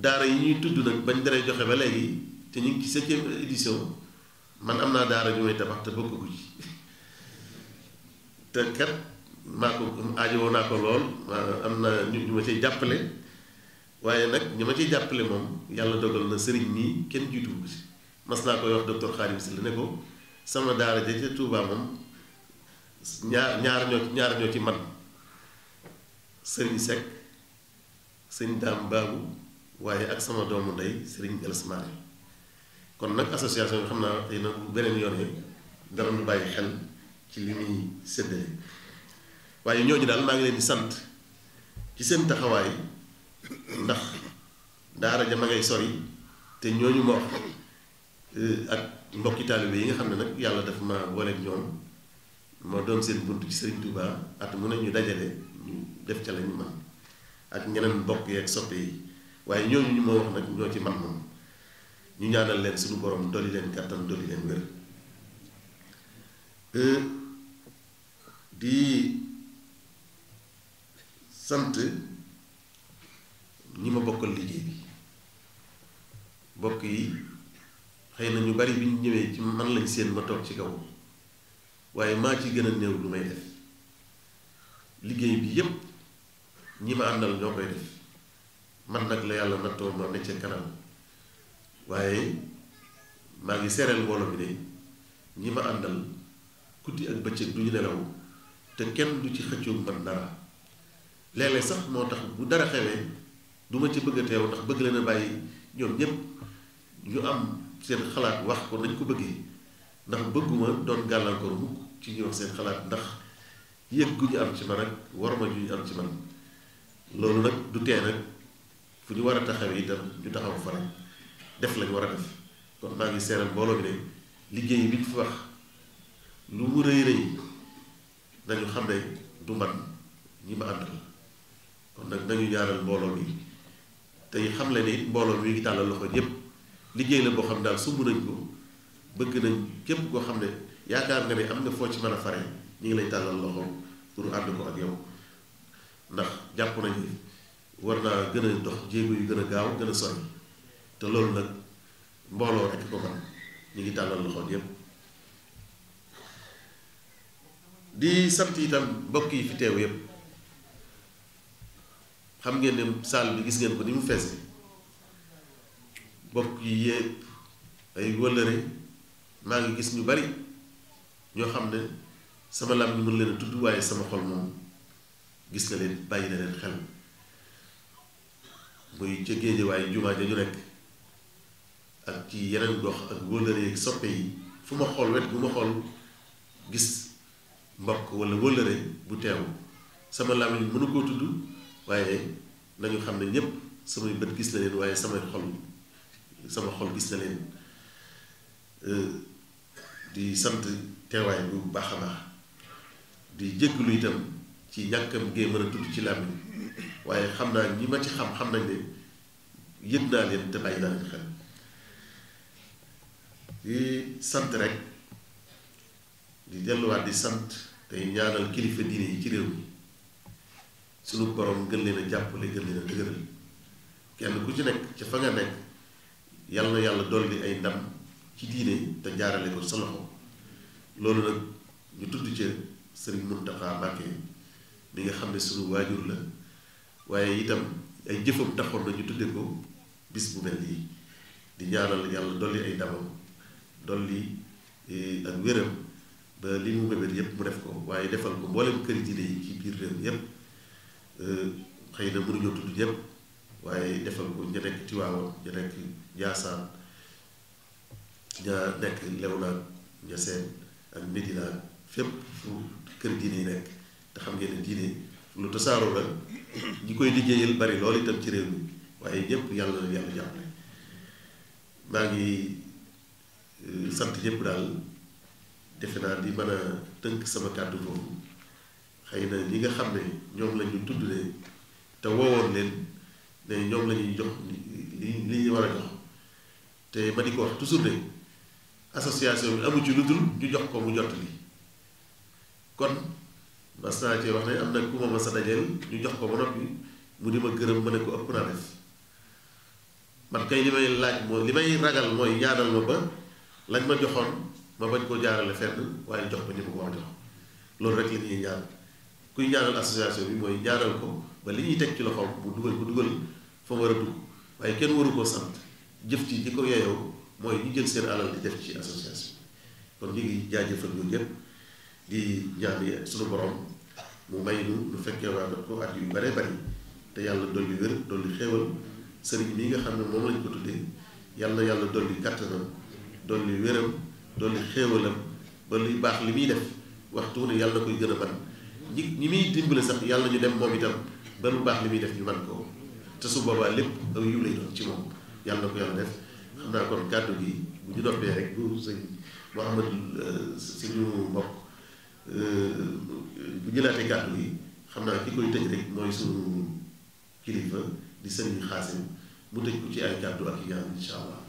daara yi ñuy tudd nag bañ daree joxe ba léegi te ñu ci septième édition man am naa daara ju may tabax te bokk ko te kat maa ko aajowoo naa ko lool am na ñu ma ciy jàppale waaye nag ñu ma ciy jàppale moom yàlla dogal na sëriñ nii kenn jiitu ko ci mas naa koy wax docteur Khadim Sylla ne ko sama daara ja ca Touba moom ñaar ñaar ñoo ci man sëriñ Seck sëñ Daam Baabu waaye ak sama doomu ndey sëriñ Gallas Mane kon nag association bi xam naa tey nag mu beneen yoon dara ñu bàyyi xel ci li muy séddale waaye ñooñu daal maa ngi leen di sant ci seen taxawaay ndax daara jama ma ngay sori te ñooñu ma wax eh, ak mbokki taalibe yi nga xam ne nag yàlla daf ma booleeg ñoom ma doon seen bunt ci Serigne Touba at mu ne ñu dajale ñu def ca lañu man ak ñeneen mbokk yeeg soppe yi. waaye ñooñu ñu ma wax nag ñoo ci man moom ñu ñaanal leen suñu borom dolli leen kàttan dolli leen wér euh, di sant ñi ma bokkal liggéey bi bokk yi xëy na ñu bari bi ñu ñëwee ci man lañ seen ma toog ci kaw waaye maa ci gën a néew lu may def liggéey bi yépp ñi ma àndal ñoo koy def man nag la yàlla nattoo ma ne ca kanam waaye maa ngi seereel mbooloo bi de ñi ma àndal guddi ak bëccëg du ñu nelaw te kenn du ci xëccoog man dara léeg-léeg sax moo tax bu dara xewee duma ci bëgg a teew ndax bëgg leen a bàyyi ñoom ñépp am seen xalaat wax ko nañ ko bëggee ndax bëgguma doon gàllankoor mukk ci ñuy wax seen xalaat ndax yëg gu ñu am ci man ak war ma ju ñu am ci man loolu nag du tee nag fu ñu war a taxawee itam ñu taxaw fa def lañ war a def kon maa ngi seeral mbooloo bi ne liggéey bi ñu fi wax lu mu rëy rëy dañu xam ne du man ñi ma ànd la kon nag dañu ñaaral mbooloo bi tey xam le ni mbooloo bi ngi tàllal loxo ñëpp liggéey la boo xam daal sumb nañ ko bëgg nañ képp koo xam ne yaakaar nga ne am nga foo ci mën a fare ñu ngi lay tàllal loxo pour ànd ko ak yow ndax jàpp nañ ni war naa gën a dox jéego yu gën a gaaw gën a sori te loolu nag mbooloo rekk ko man ñu ngi tàllal loxoon yépp di sant itam mbokk yi fi teew yépp xam ngeen ne salle bi gis ngeen ko ni mu fees bi mbokk yi yépp ay wëllëre maa ngi gis ñu bari ñoo xam ne sama lam ñu mën leen tudd waaye sama xol moom gis nga leen bàyyi na leen xel muy ca géejewaay jumaa ja ñu nekk ak ci yeneen dox ak wëllëre yeeg soppe yi fu ma xool wet bu ma xool gis mbokk walla wëllëre bu teewu sama làmmiñ mënu koo tudd waaye nañu xam ne ñépp samay bët gis na leen waaye samay xol sama xol gis na leen euh, di sant teewaay bu baax a baax di jégalu itam ci yàkkam gee mën tudd ci làmmiñ waaye xam naa ñi ma ci xam xam nañ ne yëg naa leen te bàyyi naa leen xel sant rek di delluwaat di sant tey ñaanal kilifa yi ci sunu borom gën leen a jàppale gën leen a kenn ku ci nekk ca fa nga nekk yàlla na yàlla dolli ay ndam ci diine te jaarale ko sa loxo loolu nag ñu tudd seen sëriñ Muntaxa Mbàkke bi nga xam ne sunu waajur la waaye itam ay jëfam taxoon nañu tudde ko bis bu mel nii di ñaanal yàlla dolli ay ndamam dolli eh, ak wéram ba li mu mébét yépp mu def ko waaye defal ko mboolem këri diine yi ci biir réew yépp eh, xëy na mënuñoo tudd ñépp waaye defal ko ña nekk Tiwaawan ña nekk Njaasaan ña nekk Lewnaan ña seen ak Medina fépp fu kër diine yi nekk te xam ngeen ne lu tasaaroo la ñi koy liggéeyal bari loolu itam ci réew waaye ñëpp yàlla na yàlla ngi euh, sant ñëpp daal defe naa di mën tënk sama kàddu foofu xëy na ñi nga xam ne ñoom la ñu tudd ne te woowoon leen ne ñoom lañuy jox li li ñu war a jox te ma di ko wax toujours ne association bi amu ci lu dul ñu jox ko mu jot li kon. mas naa ci wax ne am na ku ma mas a dajeel ñu jox ko ba noppi mu di ma gërëm ma ne ko ëpp naa def man kay li may laaj moo li may ragal mooy ñaanal ma ba lañ ma joxoon ma bañ koo jaarale fenn waaye jox ko ñu ma ko wax jox loolu rek la ñuy ñaan kuy ñaanal association bi mooy ñaanal ko ba li ñuy teg ci loxoom bu dugal ko dugal fa mu war a waaye kenn waru koo sant jëf ci ñi ko yeeyoo mooy ñu jël seen alal di def ci association kon ñu ngi jaajëfal ñun di ñaan suñu borom mu may nu lu fekkee waa ko at yu bare bari te yàlla dool dolli wér dolli xéewal sëriñ bi nga xam ne moom lañ ko tuddee yàlla na yàlla dolli kàttanam dolli wéram dolli xéewalam ba luy baax li muy def waxtu ne yàlla koy gën a man ñi ñi muy dimbale sax yàlla ñu dem moom itam ba lu baax li muy def ñu man ko te su boobaa lépp aw yiw lay doon ci moom yàlla na ko yàlla def xam naa kon kàddu gi bu ñu doppee rek bu bu jëlaatee kàddu yi xam naa ki koy tëj rek mooy suñu kilifa di sëriñ Xaasim mu tëj ko ci ay kàddu ak yaan insha allah